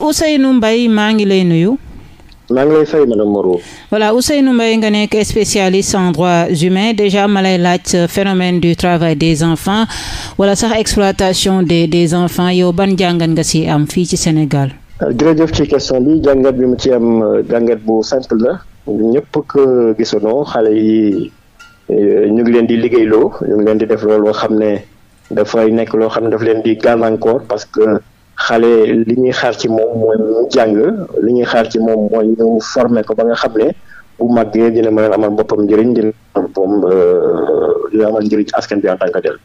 Ousseynou mbay maa ngi lay nuyu. maa ngi lay fay madame Moreau. voilà Ousseynou Mbaye nga nekk spécialiste en droits humains déjà ma lay laaj euh, phénomène du travail des enfants wala sax exploitation des des enfants yow ban jàngat nga ci am fii ci Sénégal. Euh, jërëjëf ci question bi jàngat bi mu ci am euh, jàngat bu simple la ñëpp ko gisandoo xale yi ñu ngi leen di liggéey loo ñu ngi leen di def loolu xam ne dafay nekk loo xam ne daf leen di gàllankoor parce que. xale li ñuy xaar ci moom mooy mu jàng li ñuy xaar ci moom mooy ñu former ko ba nga xam ne bu màggee dina mën a amal boppam njëriñ dina boppam euh, dina amal njëriñ ci askan bi en tant que tel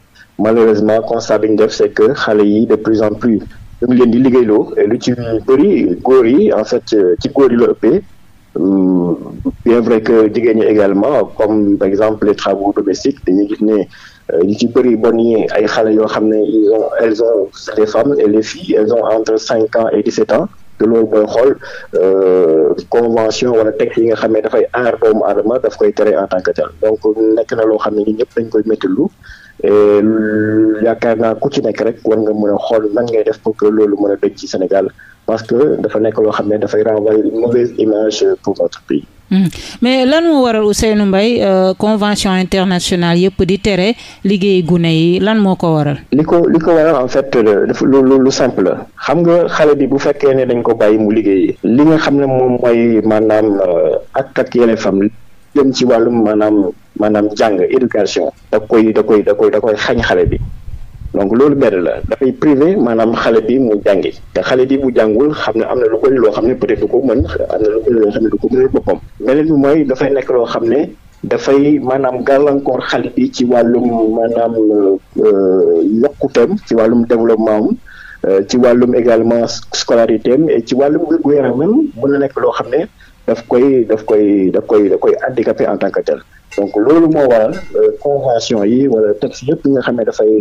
malheureusement constat bi ñu def c'est que xale yi de plus en plus dañu leen di liggéeyloo lu ci bëri góor yi en fait euh, ci góor yi la ëppee bien vrai que jigéen ñi également comme par exemple les travaux domestiques dañuy gis ne ñu euh, ci bëri bon yi ay xale yoo xam ne ils ont elles ont les femmes et les filles elles ont entre cinq ans et dix-sept ans te loolu mooy xool euh, convention wala texte yi nga xam ne dafay aar doomu aadama daf koy tere en tant que tel donc nekk na loo xam ne ñun ñëpp dañ koy méttilu yaakaar naa ku ci nekk rek war nga mën a xool nan nga def pour que loolu mën a dëj ci Sénégal parce que dafa nekk loo xam ne dafay renvoyer une mauvaise image pour notre pays. mais lan moo waral Ousseynou Mbaye euh, convention internationale yëpp di tere liggéey gune yi lan moo ko waral. li ko li ko waral en fait dafa lu simple la xam nga xale bi bu fekkee ne dañ ko bàyyi mu liggéey li nga xam ne moom mooy maanaam euh, ak ak yeneen fam jëm ci wàllum maanaam maanaam jàng éducation da koy da koy da koy da xale bi. donc loolu benn la dafay privé maanaam xale bi mu jàngi te xale bi bu jàngul xam ne am na lu bëri loo xam ne peut-être du ko mën am na lu bëri loo xam ne ko mënal boppam beneen bi mooy dafay nekk loo xam ne dafay maanaam gàllankoor xale bi ci wàllum maanaam euh, euh, yokkuteem ci wàllum développement am euh, ci wàllum également scolarité ci wàllum wér-gu-yaramam mën na nekk loo xam ne daf koy daf koy daf koy daf koy handicapé en tant que donc loolu moo waral euh, convention yi wala texte yëpp yi nga xam ne dafay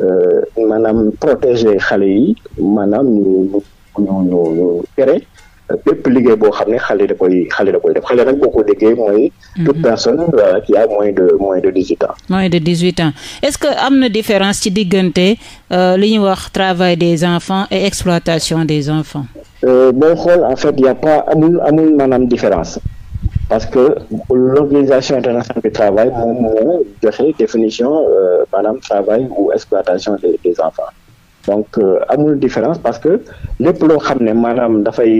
euh, maanaam protéger xale yi maanaam ñu ñu ñu ñu tere bépp liggéey boo xam ne xale da koy xale da koy def xale nag boo ko déggee mooy. Mhm. toute personne voilà qui a moins de moins de dix huit ans. moins de dix huit ans est-ce que am na différence ci diggante euh, li ñuy wax travail des enfants et exploitation des enfants. boo xool en fait y a pas amul amul maanaam différence. parce que l'organisation internationale du travail moom moo joxe définition euh, maanaam travail ou exploitation des des enfants donc euh, amul différence parce que lépp loo xam ne maanaam dafay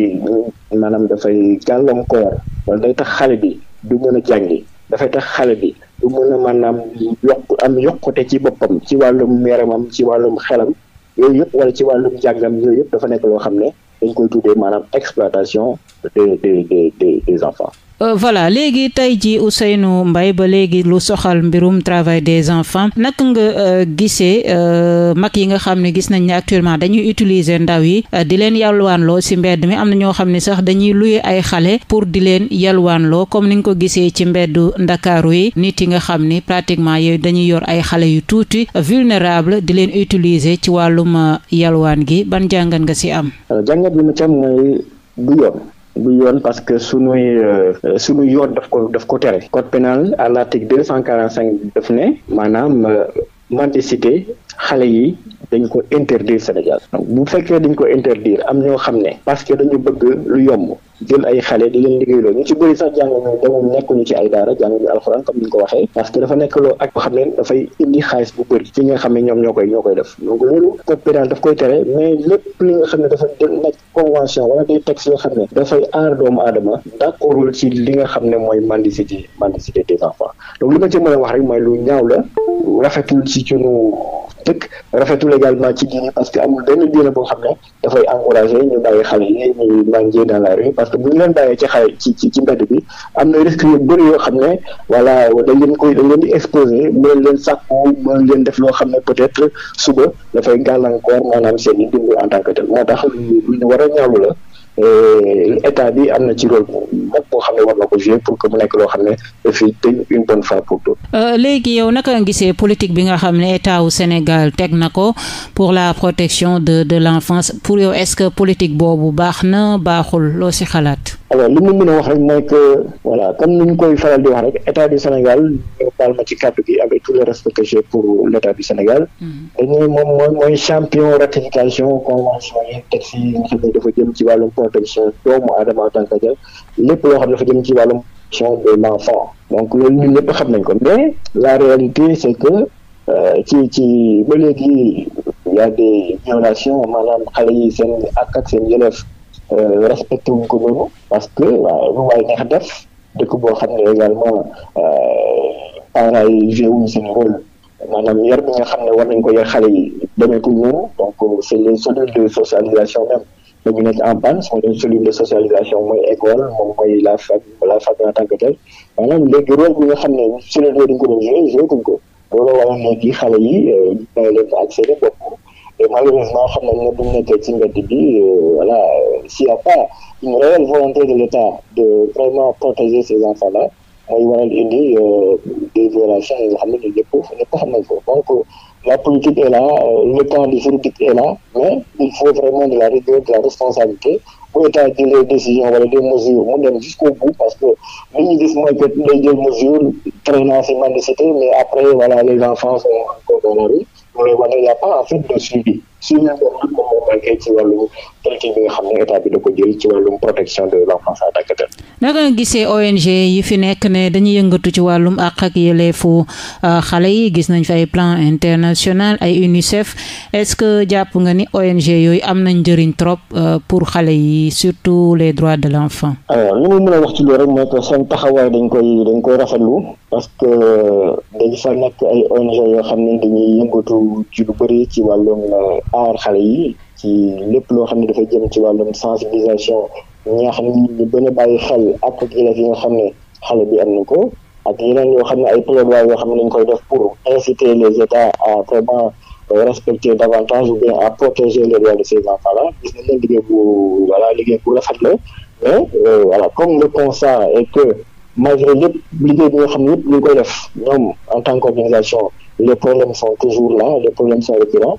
maanaam dafay gàllankoor wala day tax xale bi du mën a jàngi dafay tax xale bi du mën a maanaam yokk am yokkute ci boppam ci wàllum yaramam ci wàllum xelam yooyu yëpp wala ci wàllum jàngam yooyu yëpp dafa nekk loo xam ne dañ koy tuddee maanaam exploitation des des des des enfants Euh, voilà léegi tey ji nu mbay ba léegi lu soxal mbirum travail des enfants naka nga euh, gisee euh, mag yi nga xam ne gis nañ ne actuellement dañuy utiliser ndaw yi di leen yalwaanloo ci mbedd mi am na ñoo xam ni sax dañuy luye ay xale pour di leen yalwaanloo comme ni nga ko gisee ci mbedd ndakaaru yi nit yi nga xam ni pratiquement yooyu dañuy yor ay xale yu tuuti vulnérable di leen utiliser ci wàllum yalwaan gi ban jàngat nga ci am. jàngat bi ma ci mooy du yoon du yoon parce que sunuy euh, euh, sunu yoon daf ko daf ko tere code pénal à l'article deux cent quarante cinq daf ne maanaam euh, mendicité xale yi dañ ko interdire Sénégal donc bu fekkee dañ ko interdire am ñoo xam ne parce que dañu bëgg lu yomb jël ay xale di leen liggéeyloo ñu ci bëri sax jàng ñu demul nekkuñu ci ay daara jàng ñu alxuraan comme ni ko waxee parce que dafa nekk loo ak xam ne dafay indi xaalis bu bëri ci nga xam ne ñoom ñoo koy ñoo koy def donc loolu code pénal daf koy tere mais lépp li nga xam ne dafa nekk convention wala des textes yoo xam ne dafay aar doomu aadama d'accordul ci li nga xam ne mooy mendicité mendicité des enfants donc li a si ci nu dëkk rafetul également ci diine parce que amul benn diine boo xam ne dafay encouragé ñu bàyyi xale yi ñu mangé dans la rue parce que bu ñu leen bàyyee ci xale ci mbedd bi am na risque yu yoo xam ne voilà dañ leen koy dañ def loo xam ne peut-être suba dafay gàllankoor maanaam seen i en tant que tel moo tax lu ñu a la état bi am na ci rôle loo xam ne euh, léegi yow naka nga gisee politique bi nga xam ne état wu Sénégal teg na ko pour la protection de de l'enfance pour yow est-ce que politique boobu baax na baaxul loo si xalaat. alors li mu mën wax rek mooy que voilà comme ni ñu koy faral di wax rek état du Sénégal ñu baal ci kàddu gi avec tout le respect pour l' état du Sénégal. dañuy mm-hmm. moom mooy mooy champion ratification convention yi texte yi dafa jëm ci wàllum protection doomu aadama en tant que lépp loo xam ne dafa jëm ci wàllum protection de l' enfant donc loolu ñun ñëpp xam nañ ko mais la réalité c' est que euh, ci ci ba léegi y' a des violations maanaam xale yi seen ak ak Euh, respecté wuñ noonu parce que waaw lu waay neex def dëkk boo xam ne également euh, parents yi joué wuñ rôle maanaam yar bi nga xam ne war nañ ko yar xale yi demee ko noonu donc euh, c'est les cellules de socialisation même dañu nekk en panne sont les de socialisation mooy école moom mooy la fac la fac en tant tel maanaam léegi rôle bi nga xam ne cellule yooyu dañ ko doon joué joué ko looloo waral léegi xale yi dañ leen Et malheureusement, comme euh, voilà, s'il n'y a pas une réelle volonté de l'État de vraiment protéger ces enfants-là, mooy waral indi euh, déviation yi nga xam ne donc la politique est là euh, le temps du juridique est là mais il faut vraiment de la rigueur de la responsabilité bu état jëlee décision des mesures mu jusqu'au bout parce que li ñu gis mooy mesure traînant ces mendicité mais après les enfants sont encore dans pour les il n'y a pas suñu ci wàllum politique bi nga xam ONG yi fi nekk ne dañuy yëngatu ci wàllum àq ak yelleefu euh, yi gis nañ fi ay plan international ay UNICEF est-ce que jàpp nga ni ONG yooyu am nañ njëriñ trop euh, pour xale yi surtout les droits de l'enfant. alors li ma mën a wax ci loolu rek mooy que seen taxawaay dañ koy dañ koy parce que euh, dañ fa nekk ay ONG yoo xam ne dañuy yëngatu ci lu bëri ci wàllum. aar xale yi ki lépp loo xam ne dafay jëm ci wàllum sensibilisation ñaax nit ñi bañ a bàyyi xel ak ak élèves yi xam ne xale bi am na ko ak yeneen yoo xam ne ay plaidoyer yoo xam ne dañ koy def pour inciter les états à vraiment respecter davantage ou bien à protéger les droits de ces enfants là liggéey bu voilà liggéey bu rafet la mais euh, voilà comme le constat est que malgré lépp liggéey bi nga xam ne yëpp ñu ngi koy def ñoom en tant qu'organisation les problèmes sont toujours là les problèmes sont récurrents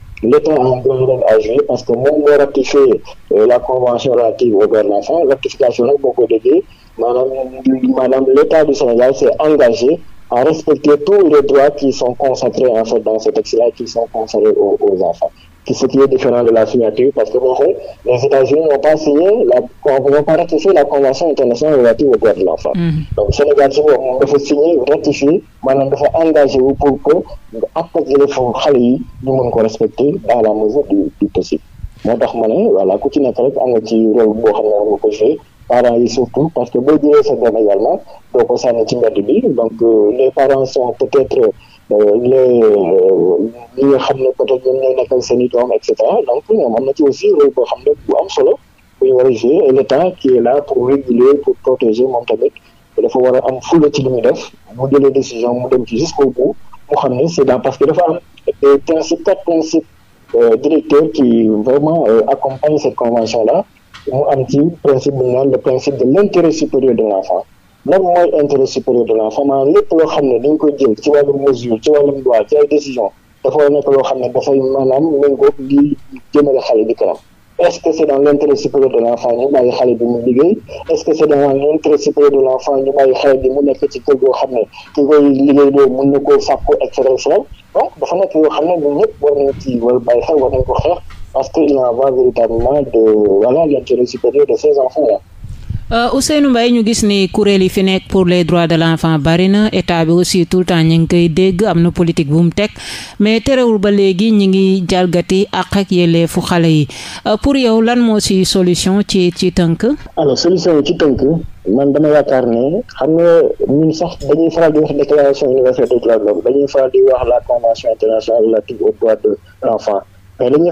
l'État a un grand rôle à jouer parce que moom moo euh, la convention relative au vers la faim ratification nag boo ko déggee maanaam maanaam l'État du Sénégal s'est engagé à respecter tous les droits qui sont consacrés en fait dans ce texte-là qui sont consacrés aux enfants qui ce qui est différent de la signature parce que bon, les États-Unis n'ont pas signé la, n'ont pas ratifié la convention internationale relative aux droits de l'enfant. Mm. donc Sénégal si dafa signé ratifié maanaam dafa engagé wu pour que ak yelleefu xale yi ñu mën ko respecter dans la mesure du, du moo tax ma ne ku ci nekk rek am nga ci rôle boo xam ne war nga ko jouer parents yi surtout parce que boo jëlee sa doom également doo ko sànni ci mbedd bi donc euh, ñi nga xam ne peut être ñoom ñoo nekkal seen i doom et cetera euh, na ci aussi rôle boo xam ne bu am solo bu ñu war a jouer et l' état qui est là pour réguler pour protéger moom tamit dafa war a am fula ci li muy def mu jëlee décision mu dem ci jusqu'au bout mu xam ne c' est parce que dafa am principe quatre principe euh, directeur qui vraiment euh, accompagne cette convention là mu am ci principe bu ñu naan le principe de l' intérêt supérieur de l' lan mooy intérêt supérieur de l'enfant maanaam lépp loo xam ne dañ koy jël ci wàllu mesure ci wàllum loi ci ay décision dafa nekk loo xam ne dafay maanaam méngóog di jëmale xale bi kanam est-ce que c'est dans l'intérêt supérieur de l'enfant ñu bàyyi xale bi mu nekk ci kër goo xam ne ki koy liggéey doo mën na koo sàkku et donc dafa nekk yoo xam ne ñun ñëpp war nañ ci war bàyyi xel war nañ ko xeex parce que il en va véritablement Euh, Ousseynou Mbaye ñu gis ni kuréel yi fi nekk pour les droits de l'enfant bari na état bi aussi tout le temps ñu ngi koy dégg am na politique bu mu teg mais terewul ba léegi ñi ngi jalgati àq ak fu xale yi euh, pour yow lan moo si solution ci ci tënk. alors solution ci tënk man dama yaakaar ne xam nga ñun sax dañuy faral di wax déclaration universelle des droits de l'homme dañuy faral di wax la convention internationale relative aux droits de l'enfant mais dañuy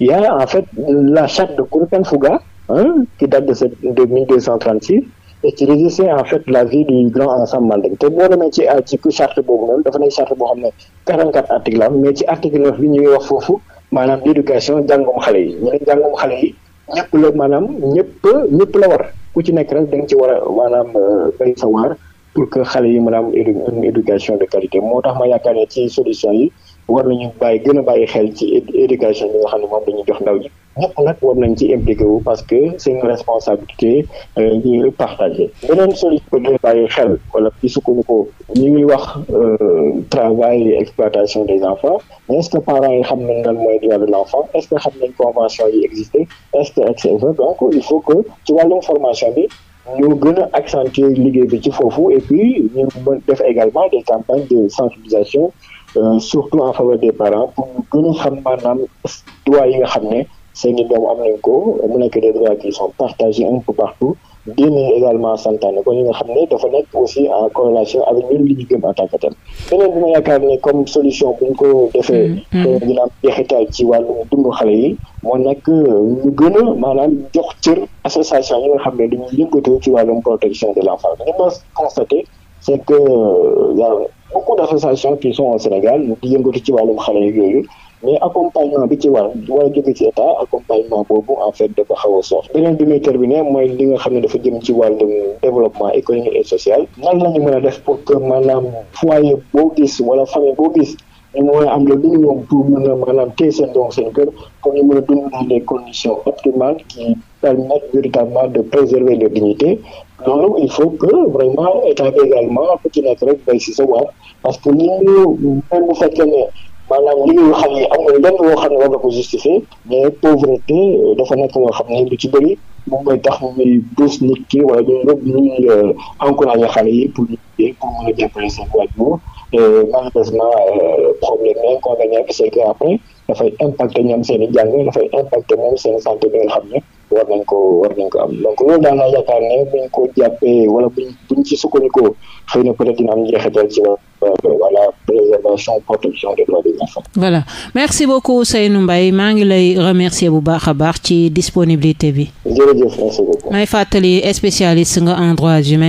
il en fait la charte de Kurukan Fuga, hein, qui date de, cette, de 1236, et qui régissait en fait la vie du grand ensemble Manding te boo demee ci ci charte boobu noonu dafa nekk charte boo xam ne 44 articles la mais ci article 9 bi ñuy wax foofu maanaam l'éducation jàngum xale yi ñu ne jàngum xale yi ñëpp la maanaam ñëpp ñëpp la war ku ci nekk rek da nga ci war a maanaam euh, béy sa waar pour que xale yi maanaam une éducation de qualité moo tax ma yaakaar ci solution yi war nañu bàyyi gën a bàyyi xel ci éducation bi nga xam ne moom dañuy jox ndaw ñi ñëpp nag war nañ ci impliqué wu parce que c'est une responsabilité euh, ñu partagé beneen solution de bàyyi xel wala ci ko ñu ngi wax euh, travail et exploitation des enfants mais est-ce que yi xam nañ lan mooy droit de l'enfant est-ce que xam nañ convention yi existé est-ce que et donc il faut que ci wàllum formation bi ñu gën a accentuer liggéey bi ci foofu et puis ñu mën def également des campagnes Euh, surtout en faveur des parents pour ñu a xam maanaam droit yi nga xam ne seen i doom am nañ ko mu nekk des droits qui sont partagés un peu partout diine yi également santaane ko ñi nga xam ne dafa nekk aussi en corrélation avec ñun li a gëm en tant que tel beneen bi ma yaakaar ne comme solution bu ñu ko defee te mm-hmm. mm-hmm. euh, dina ci wàllu dundu xale yi moo nekk euh, ñu gën a maanaam jox cër association yi nga xam ne dañuy yëngatu ci wàllum protection de l'enfance c'est que y a beaucoup d'associations qui sont au Sénégal di yëngatu ci wàllum xale yooyu mais accompagnement bi ci war war a jóge ci état accompagnement boobu en fait dafa xaw a soxla beneen bi muy terminé mooy li nga xam ne dafa jëm ci wàllum développement économique et social nan la ñu mën a def pour que maanaam foyer boo gis wala famille boo gis ñu mën a am le minimum pour mën a maanaam téye seen doom seen kër pour ñu mën a dund dans des conditions optimales permettre véritablement de préserver leur dignité loolu il faut que vraiment état bi également ku ci nekk rek bay si sa waar parce que li ñu même ne maanaam li ñu xam ne amul lenn loo xam ne war ko justifier mais pauvreté euh, dafa nekk loo xam ne lu ci bëri moom mooy tax muy pousse nit ki wala ñun ñëpp ñuy euh, encouragé xale yi pour ñu pour mën a jàppale seen waajur malheureusement euh, problème yi inconvénient bi c'est que après seen jàng dafay impacter moom seen santé bi nga xam ne. war nañ ko war nañ ko am donc loolu daal laa yaakaar ne buñ ko jàppee wala buñ buñ ci sukkandikoo xëy na peut-être dina am njeexital ci wala préservation protection des droits des enfants. voilà merci beaucoup Seynou Mbaye maa ngi lay remercier bu baax a baax ci disponibilité bi. may fàttali spécialiste nga en droits humains.